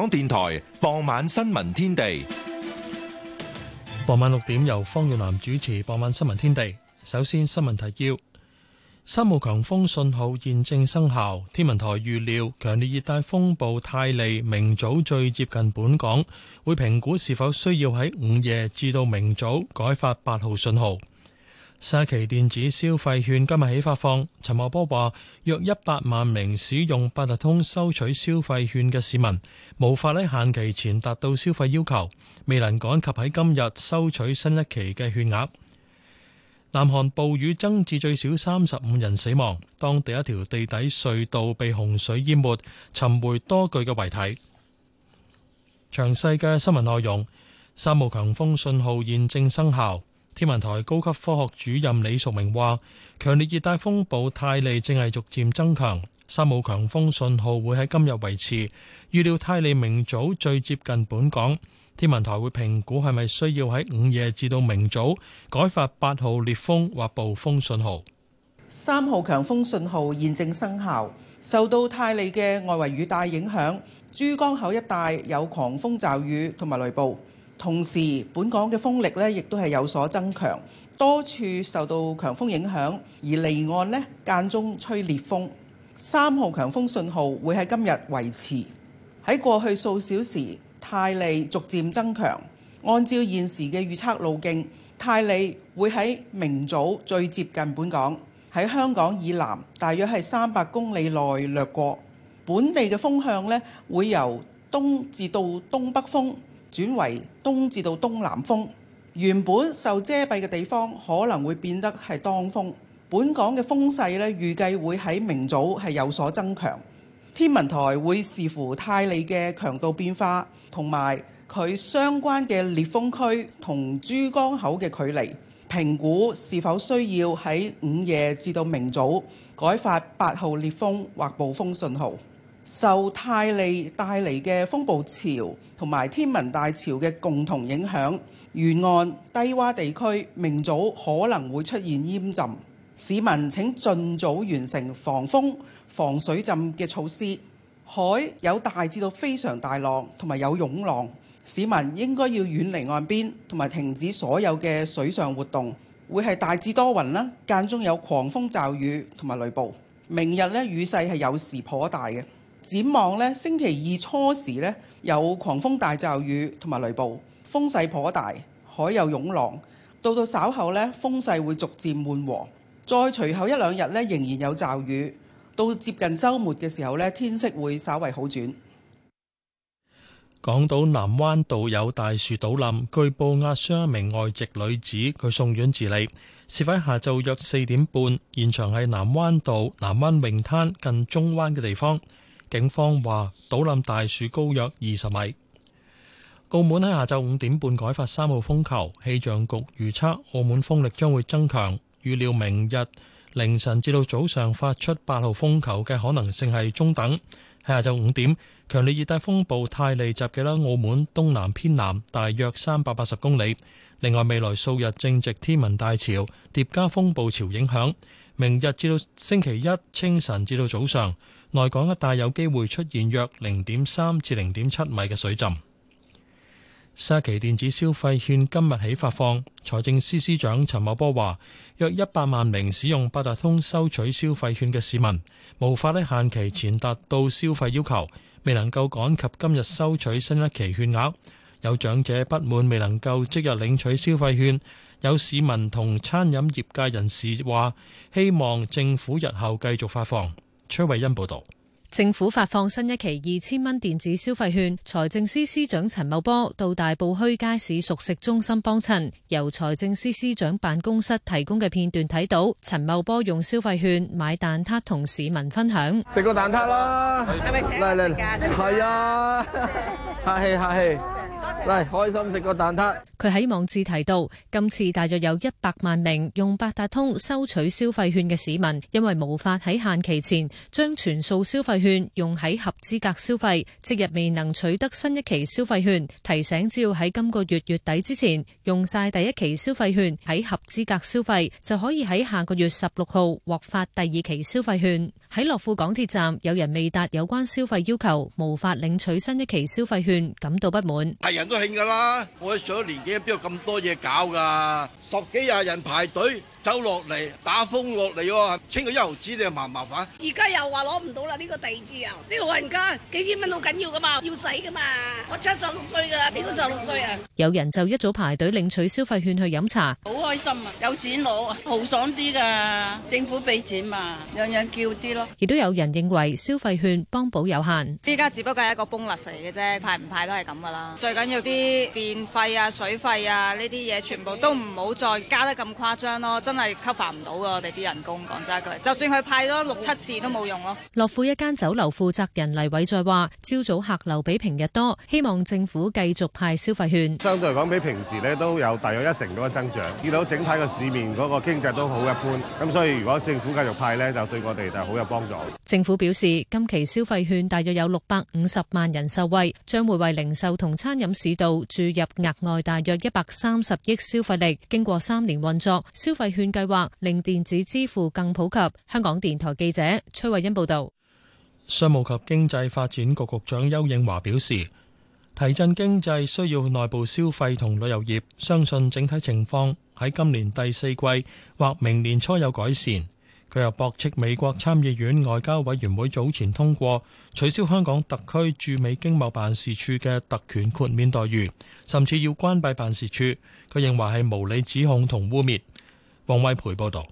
港電台傍晚新聞天地，傍晚六點由方耀南主持。傍晚新聞天地，首先新聞提要：三號強風信號現正生效，天文台預料強烈熱帶風暴泰利明早最接近本港，會評估是否需要喺午夜至到明早改發八號信號。三期電子消費券今日起發放。陳茂波話，約一百萬名使用八達通收取消費券嘅市民，無法喺限期前達到消費要求，未能趕及喺今日收取新一期嘅券額。南韓暴雨增至最少三十五人死亡，當地一條地底隧道被洪水淹沒，尋回多具嘅遺體。詳細嘅新聞內容，三號強風信號現正生效。天文台高級科學主任李淑明話，強烈熱帶風暴泰利正係逐漸增強，三號強風信號會喺今日維持。預料泰利明早最接近本港，天文台會評估係咪需要喺午夜至到明早改發八號烈風或暴風信號。三號強風信號現正生效，受到泰利嘅外圍雨帶影響，珠江口一帶有狂風驟雨同埋雷暴。同時，本港嘅風力咧，亦都係有所增強，多處受到強風影響，而離岸咧間中吹烈風。三號強風信號會喺今日維持。喺過去數小時，泰利逐漸增強，按照現時嘅預測路徑，泰利會喺明早最接近本港，喺香港以南大約係三百公里內掠過。本地嘅風向呢會由東至到東北風。轉為東至到東南風，原本受遮蔽嘅地方可能會變得係當風。本港嘅風勢呢預計會喺明早係有所增強。天文台會視乎泰利嘅強度變化同埋佢相關嘅烈風區同珠江口嘅距離，評估是否需要喺午夜至到明早改發八號烈風或暴風信號。受泰利帶嚟嘅風暴潮同埋天文大潮嘅共同影響，沿岸低洼地區明早可能會出現淹浸，市民請盡早完成防風防水浸嘅措施。海有大至到非常大浪同埋有湧浪，市民應該要遠離岸邊同埋停止所有嘅水上活動。會係大致多雲啦，間中有狂風驟雨同埋雷暴。明日呢，雨勢係有時頗大嘅。展望呢，星期二初時呢有狂風大驟雨同埋雷暴，風勢頗大，海有湧浪。到到稍後呢，風勢會逐漸緩和，再隨後一兩日呢仍然有驟雨。到接近週末嘅時候呢，天色會稍為好轉。港島南灣道有大樹倒冧，據報壓傷一名外籍女子，佢送院治理。事發下晝約四點半，現場係南灣道南灣泳灘近中灣嘅地方。警方話倒冧大樹高約二十米。澳門喺下晝五點半改發三號風球，氣象局預測澳門風力將會增強，預料明日凌晨至到早上發出八號風球嘅可能性係中等。喺下晝五點，強烈熱帶風暴泰利襲擊澳門東南偏南，大約三百八十公里。另外，未來數日正值天文大潮，疊加風暴潮影響。明日至到星期一清晨至到早上，內港一帶有機會出現約零點三至零點七米嘅水浸。下期電子消費券今日起發放，財政司司長陳茂波話，約一百萬名使用八達通收取消費券嘅市民，無法喺限期前達到消費要求，未能夠趕及今日收取新一期券額，有長者不滿未能夠即日領取消費券。有市民同餐飲業界人士話，希望政府日後繼續發放。崔慧欣報道：政府發放新一期二千蚊電子消費券，財政司司長陳茂波到大埔墟街市熟食中心幫襯。由財政司司長辦公室提供嘅片段睇到，陳茂波用消費券買蛋撻同市民分享，食個蛋撻啦，係嚟嚟嚟，係啊，客氣客氣。嚟開心食個蛋撻。佢喺網誌提到，今次大約有一百萬名用八達通收取消費券嘅市民，因為無法喺限期前將全數消費券用喺合資格消費，即日未能取得新一期消費券，提醒只要喺今個月月底之前用晒第一期消費券喺合資格消費，就可以喺下個月十六號獲發第二期消費券。喺樂富港鐵站，有人未達有關消費要求，無法領取新一期消費券，感到不滿。係人都興㗎喇，我上咗年紀邊有咁多嘢搞㗎，十幾廿人排隊。走落嚟打風落嚟喎，清個一毫紙你又麻唔麻煩。而家又話攞唔到啦，呢個地址啊！呢老人家幾千蚊好緊要噶嘛，要使噶嘛。我七十六歲噶啦，邊個十六歲啊？有人就一早排隊領取消費券去飲茶，好開心啊！有錢攞，豪爽啲㗎。政府俾錢嘛，樣樣叫啲咯。亦都有人認為消費券幫補有限，依家只不過係一個 bonus 嚟嘅啫，派唔派都係咁噶啦。最緊要啲電費啊、水費啊呢啲嘢，全部都唔好再加得咁誇張咯。真係吸發唔到啊！我哋啲人工講真句，就算佢派多六七次都冇用咯。樂富一間酒樓負責人黎偉再話，朝早客流比平日多，希望政府繼續派消費券。相對嚟講，比平時呢都有大約一成多嘅增長。見到整體嘅市面嗰個經濟都好一般，咁所以如果政府繼續派呢，就對我哋就好有幫助。政府表示，今期消費券大約有六百五十萬人受惠，將會為零售同餐飲市道注入額外大約一百三十億消費力。經過三年運作，消費券計劃令電子支付更普及。香港電台記者崔慧欣報道，商務及經濟發展局局長邱應華表示，提振經濟需要內部消費同旅遊業，相信整體情況喺今年第四季或明年初有改善。佢又駁斥美國參議院外交委員會早前通過取消香港特區駐美經貿辦事處嘅特權豁免待遇，甚至要關閉辦事處。佢認為係無理指控同污蔑。黃威培報道，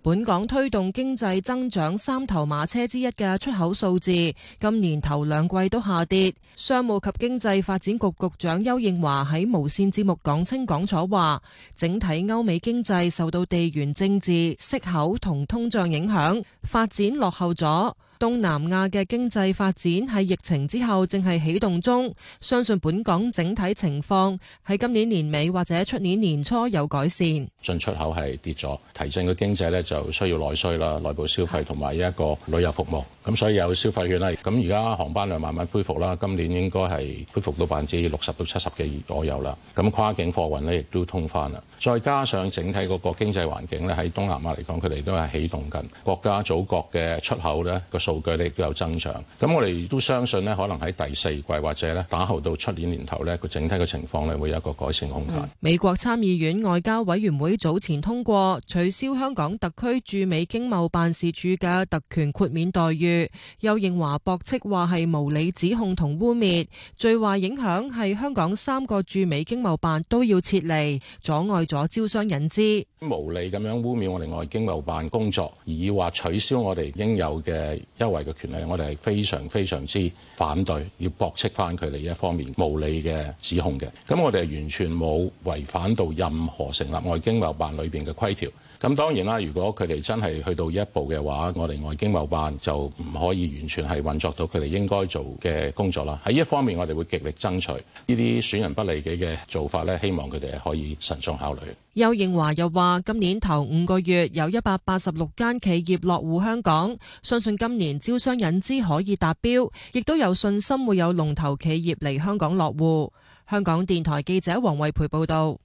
本港推動經濟增長三頭馬車之一嘅出口數字，今年頭兩季都下跌。商務及經濟發展局局長邱應華喺無線節目講清講楚話，整體歐美經濟受到地緣政治、息口同通脹影響，發展落後咗。東南亞嘅經濟發展喺疫情之後正係起動中，相信本港整體情況喺今年年尾或者出年年初有改善。進出口係跌咗，提振嘅經濟咧就需要內需啦，內部消費同埋一個旅遊服務咁，所以有消費券啦。咁而家航班量慢慢恢復啦，今年應該係恢復到百分之六十到七十幾左右啦。咁跨境貨運呢，亦都通翻啦。再加上整體嗰個經濟環境咧，喺東南亞嚟講，佢哋都係啟動緊國家、祖國嘅出口咧個數據咧都有增長，咁我哋亦都相信咧，可能喺第四季或者咧打後到出年年頭咧，個整體嘅情況咧會有一個改善空間。嗯、美國參議院外交委員會早前通過取消香港特區駐美經貿辦事處嘅特權豁免待遇。邱應華駁斥話係無理指控同污蔑，最壞影響係香港三個駐美經貿辦都要撤離阻礙咗招商引資無理咁樣污蔑我哋外經貿辦工作，而要話取消我哋應有嘅優惠嘅權利，我哋係非常非常之反對，要駁斥翻佢哋一方面無理嘅指控嘅。咁我哋係完全冇違反到任何成立外經貿辦裏邊嘅規條。咁當然啦，如果佢哋真係去到呢一步嘅話，我哋外經貿辦就唔可以完全係運作到佢哋應該做嘅工作啦。喺呢一方面，我哋會極力爭取呢啲損人不利己嘅做法呢，希望佢哋可以慎重考慮。邱應華又話：今年頭五個月有一百八十六間企業落戶香港，相信今年招商引資可以達標，亦都有信心會有龍頭企業嚟香港落戶。香港電台記者黃惠培報道。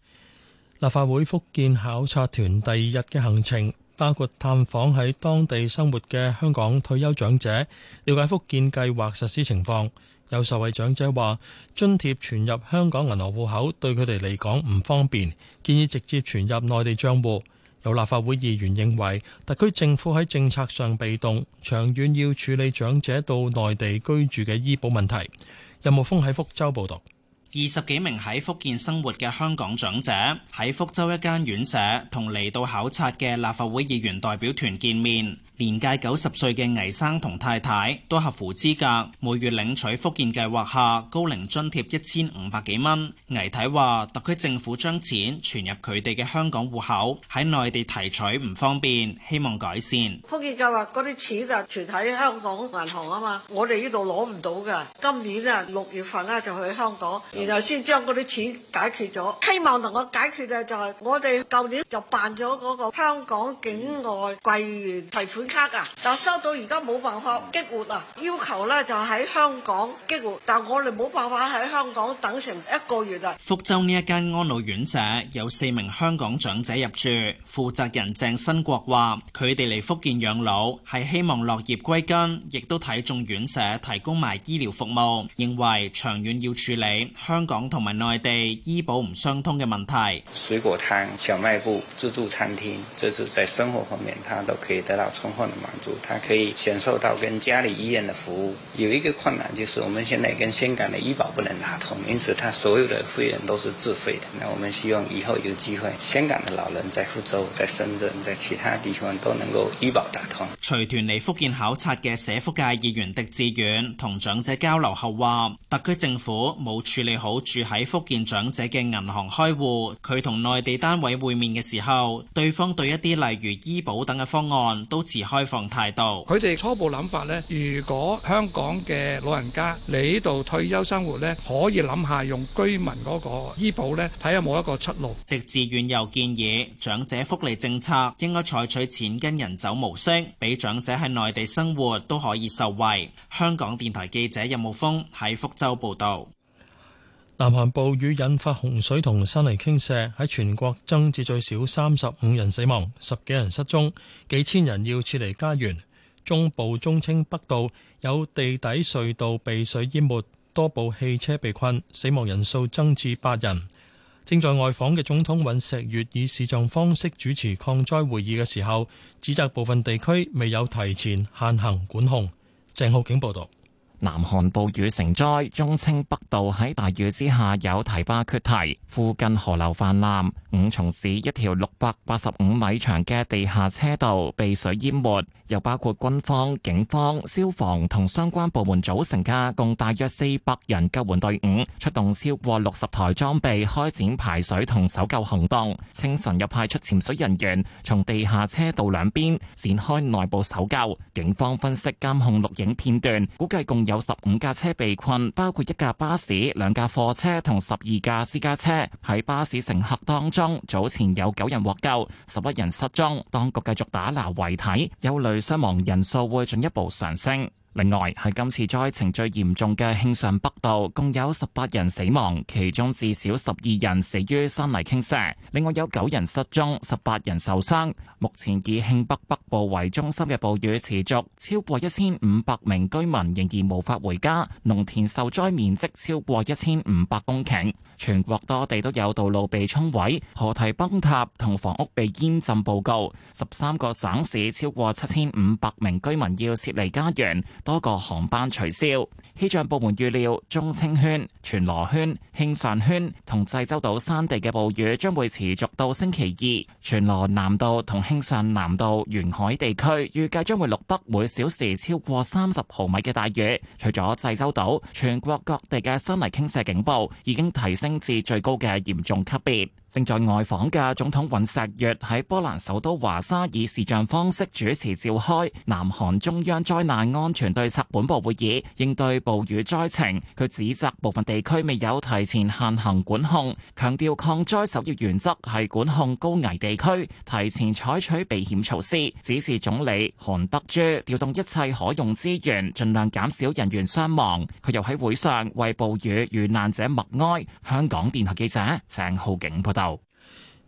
立法會福建考察團第二日嘅行程包括探訪喺當地生活嘅香港退休長者，了解福建計劃實施情況。有受惠長者話津貼傳入香港銀行戶口對佢哋嚟講唔方便，建議直接傳入內地賬戶。有立法會議員認為特區政府喺政策上被動，長遠要處理長者到內地居住嘅醫保問題。任慕峰喺福州報道。二十幾名喺福建生活嘅香港長者喺福州一間院舍同嚟到考察嘅立法會議員代表團見面。年屆九十歲嘅魏生同太太都合乎資格，每月領取福建計劃下高齡津貼一千五百幾蚊。魏太話：特區政府將錢存入佢哋嘅香港戶口，喺內地提取唔方便，希望改善。福建計劃嗰啲錢就存喺香港銀行啊嘛，我哋呢度攞唔到㗎。今年啊六月份啊就去香港，然後先將嗰啲錢解決咗。希望能夠解決嘅就係我哋舊年就辦咗嗰個香港境外櫃員提款卡，但收到而家冇辦法激活啊。要求呢就喺香港激活，但我哋冇辦法喺香港等成一個月啊。福州呢一間安老院舍有四名香港長者入住，負責人鄭新國話，佢哋嚟福建養老係希望落葉歸根，亦都睇中院舍提供埋醫療服務，認為長遠要處理香港同埋內地醫保唔相通嘅問題。水果攤、小賣部、自助餐廳，即是在生活方面，他都可以得到充滿足，他可以享受到跟家裏醫院的服務。有一個困難就是，我們現在跟香港的醫保不能打通，因此他所有的費用都是自費的。那我們希望以後有機會，香港的老人在福州、在深圳、在其他地方都能夠醫保打通。隨團嚟福建考察嘅社福界議員狄志遠同長者交流後話，特區政府冇處理好住喺福建長者嘅銀行開戶，佢同內地單位會面嘅時候，對方對一啲例如醫保等嘅方案都開放態度，佢哋初步諗法咧，如果香港嘅老人家嚟呢度退休生活咧，可以諗下用居民嗰個醫保咧，睇下有冇一個出路。狄志遠又建議長者福利政策應該採取錢跟人走模式，俾長者喺內地生活都可以受惠。香港電台記者任慕峰喺福州報道。南韓暴雨引發洪水同山泥傾瀉，喺全國增至最少三十五人死亡，十幾人失蹤，幾千人要撤離家園。中部忠清北道有地底隧道被水淹沒，多部汽車被困，死亡人數增至八人。正在外訪嘅總統尹錫悅以視像方式主持抗災會議嘅時候，指責部分地區未有提前限行管控。鄭浩景報道。南韓暴雨成災，中清北道喺大雨之下有堤壩決堤,附近河流氾濫,五松市一條685米長嘅地下車道被水淹沒,又包括軍方,警方,消防同相關部門組成嘅共大約400人救援隊伍,出動超過60台裝備開展排水同搜救行動,清晨又派出潛水人員,從地下車道兩邊展開內部搜救,警方分析監控錄影片段,估計共有有十五架車被困，包括一架巴士、兩架貨車同十二架私家車。喺巴士乘客當中，早前有九人獲救，十一人失蹤。當局繼續打撈遺體，憂慮傷亡人數會進一步上升。另外，喺今次災情最嚴重嘅慶尚北道，共有十八人死亡，其中至少十二人死於山泥傾瀉。另外有九人失蹤，十八人受傷。目前以慶北北部為中心嘅暴雨持續，超過一千五百名居民仍然無法回家，農田受災面積超過一千五百公頃。全國多地都有道路被沖毀、河堤崩塌同房屋被淹浸報告。十三個省市超過七千五百名居民要撤離家園。多個航班取消。氣象部門預料，中青圈、全羅圈、慶尚圈同濟州島山地嘅暴雨將會持續到星期二。全羅南道同慶尚南道沿海地區預計將會錄得每小時超過三十毫米嘅大雨。除咗濟州島，全國各地嘅山泥傾瀉警報已經提升至最高嘅嚴重級別。正在外訪嘅總統尹錫悅喺波蘭首都華沙以視像方式主持召開南韓中央災難安全對策本部會議，應對暴雨災情。佢指責部分地區未有提前限行管控，強調抗災首要原則係管控高危地區，提前採取避險措施。指示總理韓德珠調動一切可用資源，盡量減少人員傷亡。佢又喺會上為暴雨遇難者默哀。香港電台記者鄭浩景報道。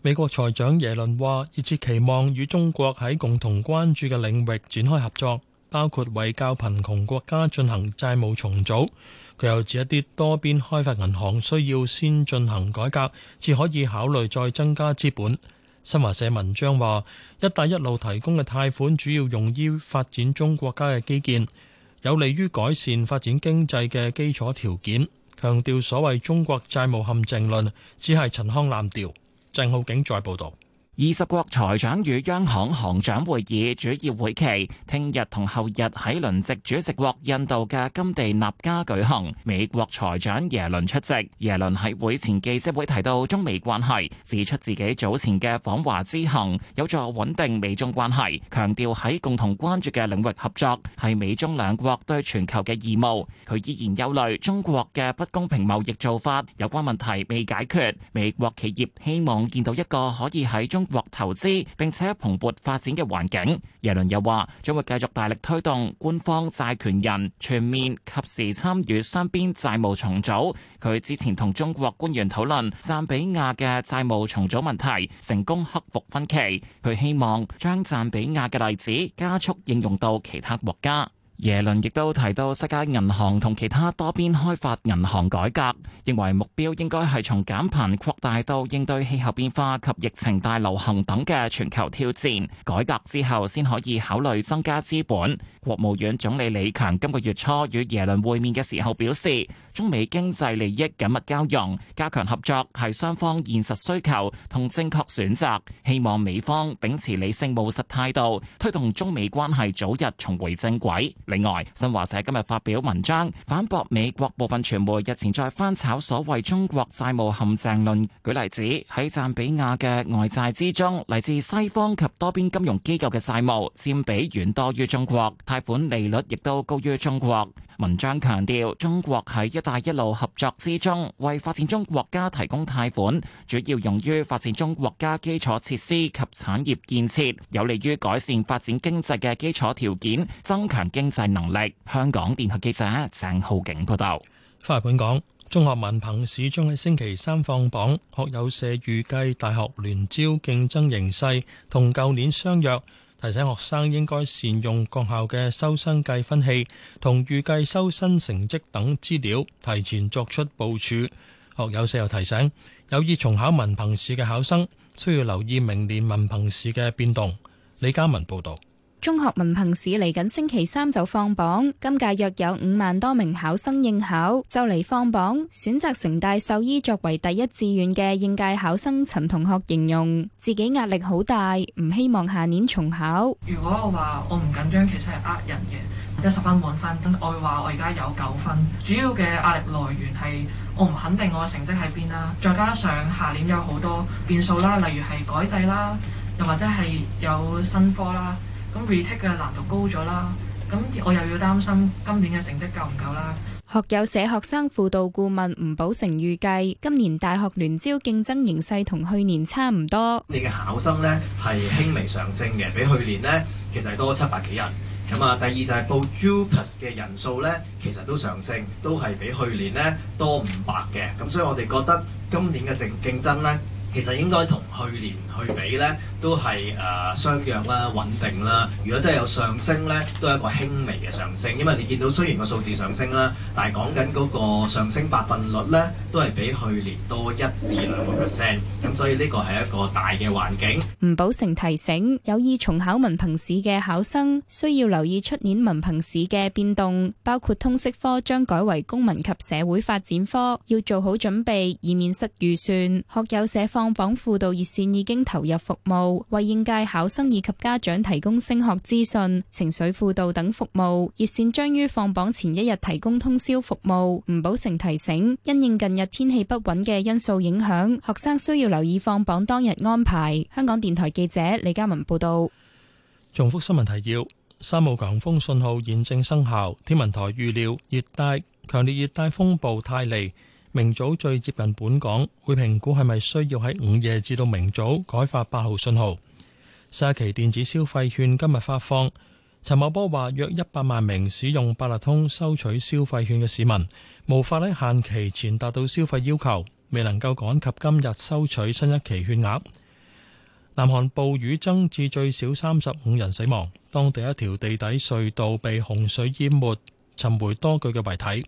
美國財長耶倫話，熱切期望與中國喺共同關注嘅領域展開合作，包括為較貧窮國家進行債務重組。佢又指一啲多邊開發銀行需要先進行改革，至可以考慮再增加資本。新華社文章話，一帶一路提供嘅貸款主要用於發展中國家嘅基建，有利於改善發展經濟嘅基礎條件，強調所謂中國債務陷阱論，只係陳腔濫調。鄭浩景在報道。二十國財長與央行行長會議主要會期聽日同後日喺輪值主席國印度嘅甘地納加舉行，美國財長耶倫出席。耶倫喺會前記者會提到中美關係，指出自己早前嘅訪華之行有助穩定美中關係，強調喺共同關注嘅領域合作係美中兩國對全球嘅義務。佢依然憂慮中國嘅不公平貿易做法，有關問題未解決，美國企業希望見到一個可以喺中。獲投資並且蓬勃發展嘅環境，耶倫又話將會繼續大力推動官方債權人全面及時參與雙邊債務重組。佢之前同中國官員討論贊比亞嘅債務重組問題，成功克服分歧。佢希望將贊比亞嘅例子加速應用到其他國家。耶倫亦都提到世界銀行同其他多邊開發銀行改革，認為目標應該係從減貧擴大到應對氣候變化及疫情大流行等嘅全球挑戰。改革之後先可以考慮增加資本。國務院總理李強今個月初與耶倫會面嘅時候表示：中美經濟利益緊密交融，加強合作係雙方現實需求同正確選擇。希望美方秉持理性務實態度，推動中美關係早日重回正軌。另外，新華社今日發表文章反駁美國部分傳媒日前再翻炒所謂中國債務陷阱論。舉例子喺贊比亞嘅外債之中，嚟自西方及多邊金融機構嘅債務佔比遠多於中國，貸款利率亦都高於中國。文章強調，中國喺一一帶一路合作之中，為發展中國家提供貸款，主要用於發展中國家基礎設施及產業建設，有利於改善發展經濟嘅基礎條件，增強經濟能力。香港電台記者鄭浩景報道。翻嚟本港中學文憑試中喺星期三放榜，學友社預計大學聯招競爭形勢同舊年相若。提醒學生應該善用各校嘅收生計分器同預計收生成績等資料，提前作出部署。學友社又提醒有意重考文憑試嘅考生，需要留意明年文憑試嘅變動。李嘉文報導。中學文憑試嚟緊星期三就放榜，今屆約有五萬多名考生應考，就嚟放榜，選擇城大獸醫作為第一志願嘅應屆考生陳同學形容自己壓力好大，唔希望下年重考。如果我話我唔緊張，其實係呃人嘅，即係十分滿分，我會話我而家有九分。主要嘅壓力來源係我唔肯定我嘅成績喺邊啦，再加上下年有好多變數啦，例如係改制啦，又或者係有新科啦。咁 retake 嘅難度高咗啦，咁我又要擔心今年嘅成績夠唔夠啦。學友社學生輔導顧問吳寶成預計今年大學聯招競爭形勢同去年差唔多。你嘅考生呢係輕微上升嘅，比去年呢其實係多七百幾人。咁啊，第二就係、是、報 JUPAS 嘅人數呢，其實都上升，都係比去年呢多五百嘅。咁所以我哋覺得今年嘅競競爭呢，其實應該同去年。去比咧都係誒相若啦，穩定啦。如果真係有上升咧，都係一個輕微嘅上升，因為你見到雖然個數字上升啦，但係講緊嗰個上升百分率咧，都係比去年多一至兩個 percent。咁所以呢個係一個大嘅環境。吳寶成提醒有意重考文憑試嘅考生，需要留意出年文憑試嘅變動，包括通識科將改為公民及社會發展科，要做好準備，以免失預算。學友社放榜輔導熱線已經。投入服務，為應屆考生以及家長提供升學資訊、情緒輔導等服務。熱線將於放榜前一日提供通宵服務。吳寶成提醒：因應近日天氣不穩嘅因素影響，學生需要留意放榜當日安排。香港電台記者李嘉文報道。重複新聞提要：三號強風信號現正生效。天文台預料熱帶強烈熱帶風暴泰利，明早最接近本港，會評估係咪需要喺午夜至到明早改發八號信號。三期電子消費券今日發放，陳茂波話約一百萬名使用八達通收取消費券嘅市民，無法喺限期前達到消費要求，未能夠趕及今日收取新一期券額。南韓暴雨增至最少三十五人死亡，當地一條地底隧道被洪水淹沒，尋回多具嘅遺體。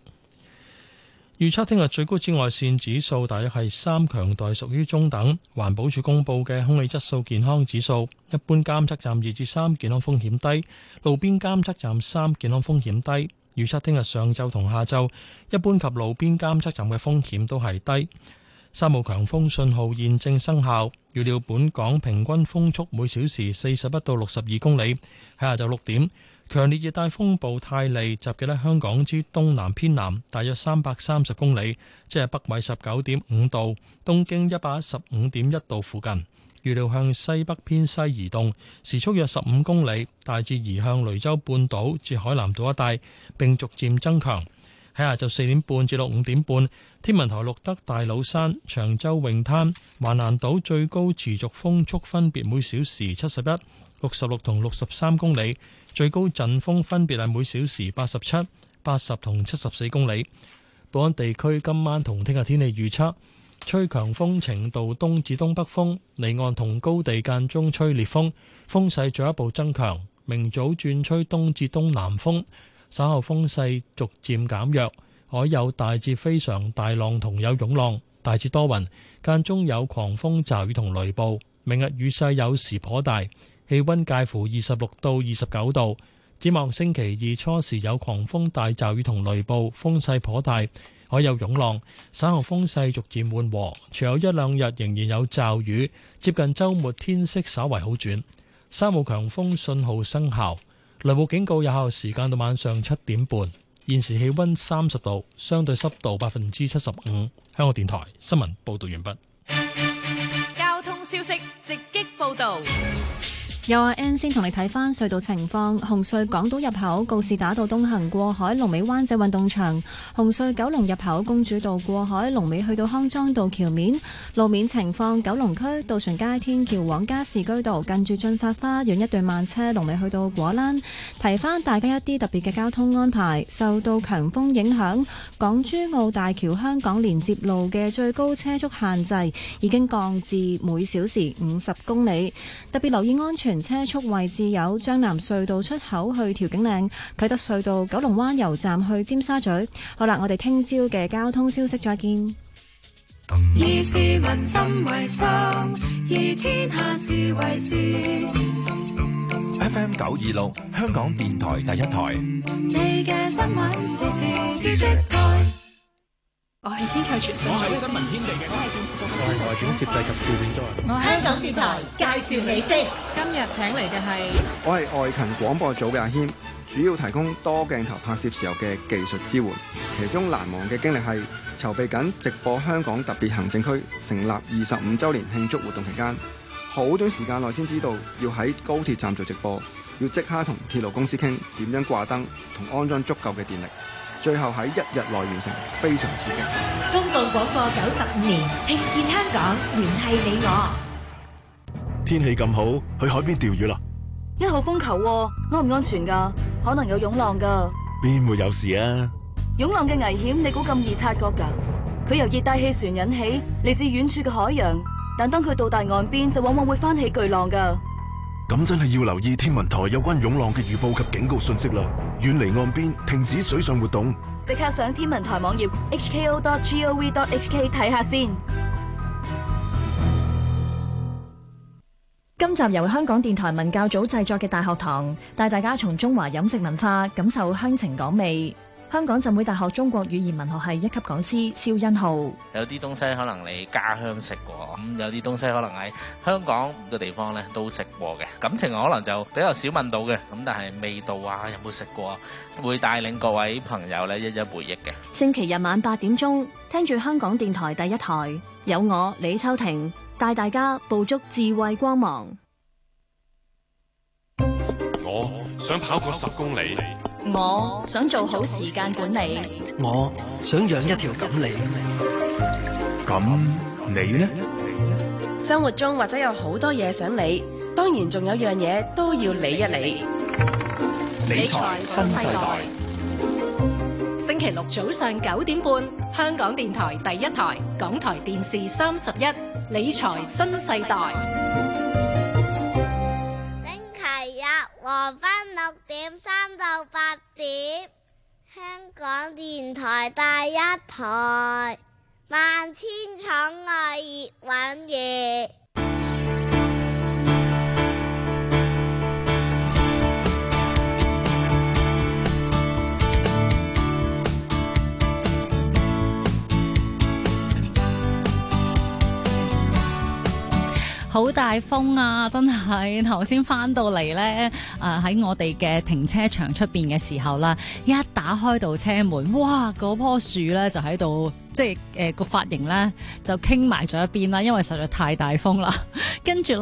預測聽日最高紫外線指數大約係三，強度屬於中等。環保署公布嘅空氣質素健康指數，一般監測站二至三，健康風險低；路邊監測站三，健康風險低。預測聽日上晝同下晝，一般及路邊監測站嘅風險都係低。三號強風信號現正生效，預料本港平均風速每小時四十一到六十二公里。喺下晝六點。強烈熱帶風暴泰利集結喺香港之東南偏南，大約三百三十公里，即係北緯十九點五度、東經一百一十五點一度附近。預料向西北偏西移動，時速約十五公里，大致移向雷州半島至海南島一帶，並逐漸增強。喺下晝四點半至到五點半，天文台錄得大老山、長洲泳灘、橫瀾島最高持續風速分別每小時七十一、六十六同六十三公里。最高陣風分別係每小時八十七、八十同七十四公里。保安地區今晚同聽日天氣預測，吹強風程度東至東北風，離岸同高地間中吹烈風，風勢進一步增強。明早轉吹東至東南風，稍後風勢逐漸減弱。海有大至非常大浪同有湧浪，大致多雲，間中有狂風驟雨同雷暴。明日雨勢有時頗大。氣溫介乎二十六到二十九度，展望星期二初時有狂風大驟雨同雷暴，風勢頗大，可有湧浪。稍後風勢逐漸緩和，除有一兩日仍然有驟雨，接近周末天色稍為好轉。三號強風信號生效，雷暴警告有效時間到晚上七點半。現時氣溫三十度，相對濕度百分之七十五。香港電台新聞報道完畢。交通消息直擊報道。有阿 N 先同你睇翻隧道情況，紅隧港島入口告士打道東行過海龍尾，灣仔運動場；紅隧九龍入口公主道過海龍尾去到康莊道橋面路面情況，九龍區渡船街天橋往加士居道近住駿發花園一段慢車龍尾去到果欄。提翻大家一啲特別嘅交通安排，受到強風影響，港珠澳大橋香港連接路嘅最高車速限制已經降至每小時五十公里。特別留意安全。車速位置有將南隧道出口去調景嶺，啟德隧道九龍灣油站去尖沙咀。我係天趣全程。我係新聞天地嘅。我係外景攝製及調片多人。我香港電台介紹你識。今日請嚟嘅係我係外勤廣播組嘅阿軒，主要提供多鏡頭拍攝時候嘅技術支援。其中難忘嘅經歷係籌備緊直播香港特別行政區成立二十五周年慶祝活動期間，好短時間內先知道要喺高鐵站做直播，要即刻同鐵路公司傾點樣掛燈同安裝足夠嘅電力。最後喺一日內完成，非常刺激。公共廣播九十五年，聽見香港，聯繫你我。天氣咁好，去海邊釣魚啦！一號風球、啊，安唔安全噶、啊？可能有湧浪噶。邊會有事啊？湧浪嘅危險，你估咁易察覺噶、啊？佢由熱帶氣旋引起，嚟自遠處嘅海洋，但當佢到達岸邊，就往往會翻起巨浪噶。咁真係要留意天文台有關湧浪嘅預報及警告信息啦！遠離岸邊，停止水上活動，即刻上天文台網頁 hko.gov.hk 睇下先。今集由香港電台文教組製作嘅《大學堂》，帶大家從中華飲食文化感受鄉情港味。香港浸會大學中國語言文學系一級講師蕭欣浩。有啲東西可能你家鄉食過，咁有啲東西可能喺香港嘅地方咧都食過嘅，感情可能就比較少問到嘅，咁但係味道啊，有冇食過，會帶領各位朋友咧一一回憶嘅。星期日晚八點鐘，聽住香港電台第一台，有我李秋婷帶大家捕捉智慧光芒。我想跑過十公里。我想做好時間管理，我想養一條錦鯉。咁你呢？生活中或者有好多嘢想理，當然仲有樣嘢都要理一理。理財新世代。星期六早上九點半，香港電台第一台，港台電視三十一，理財新世代。星期日黃昏，六點三到八點，香港電台第一台，《萬千寵愛熱玩夜》好大風啊！真係頭先返到嚟呢。啊喺我哋嘅停車場出邊嘅時候啦，一打開到車門，哇！嗰棵樹呢就喺度。即係誒個髮型咧，就傾埋咗一邊啦，因為實在太大風啦。跟住咧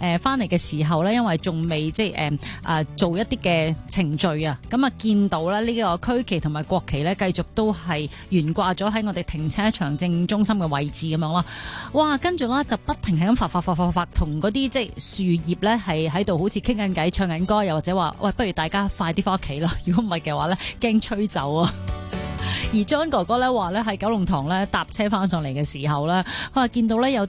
誒翻嚟嘅時候咧，因為仲未即係、呃、做一啲嘅程序啊，咁啊見到呢、呢個區旗同埋國旗咧，繼續都係懸掛咗喺我哋停車場正中心嘅位置咁樣咯。哇！跟住咧就不停係咁發發發發發，同嗰啲即係樹葉咧係喺度好似傾緊偈、唱緊歌，又或者話喂，不如大家快啲翻屋企啦。如果唔係嘅話咧，驚吹走啊！而 John 哥哥咧話咧喺九龍塘咧搭車翻上嚟嘅時候咧，佢話見到咧有。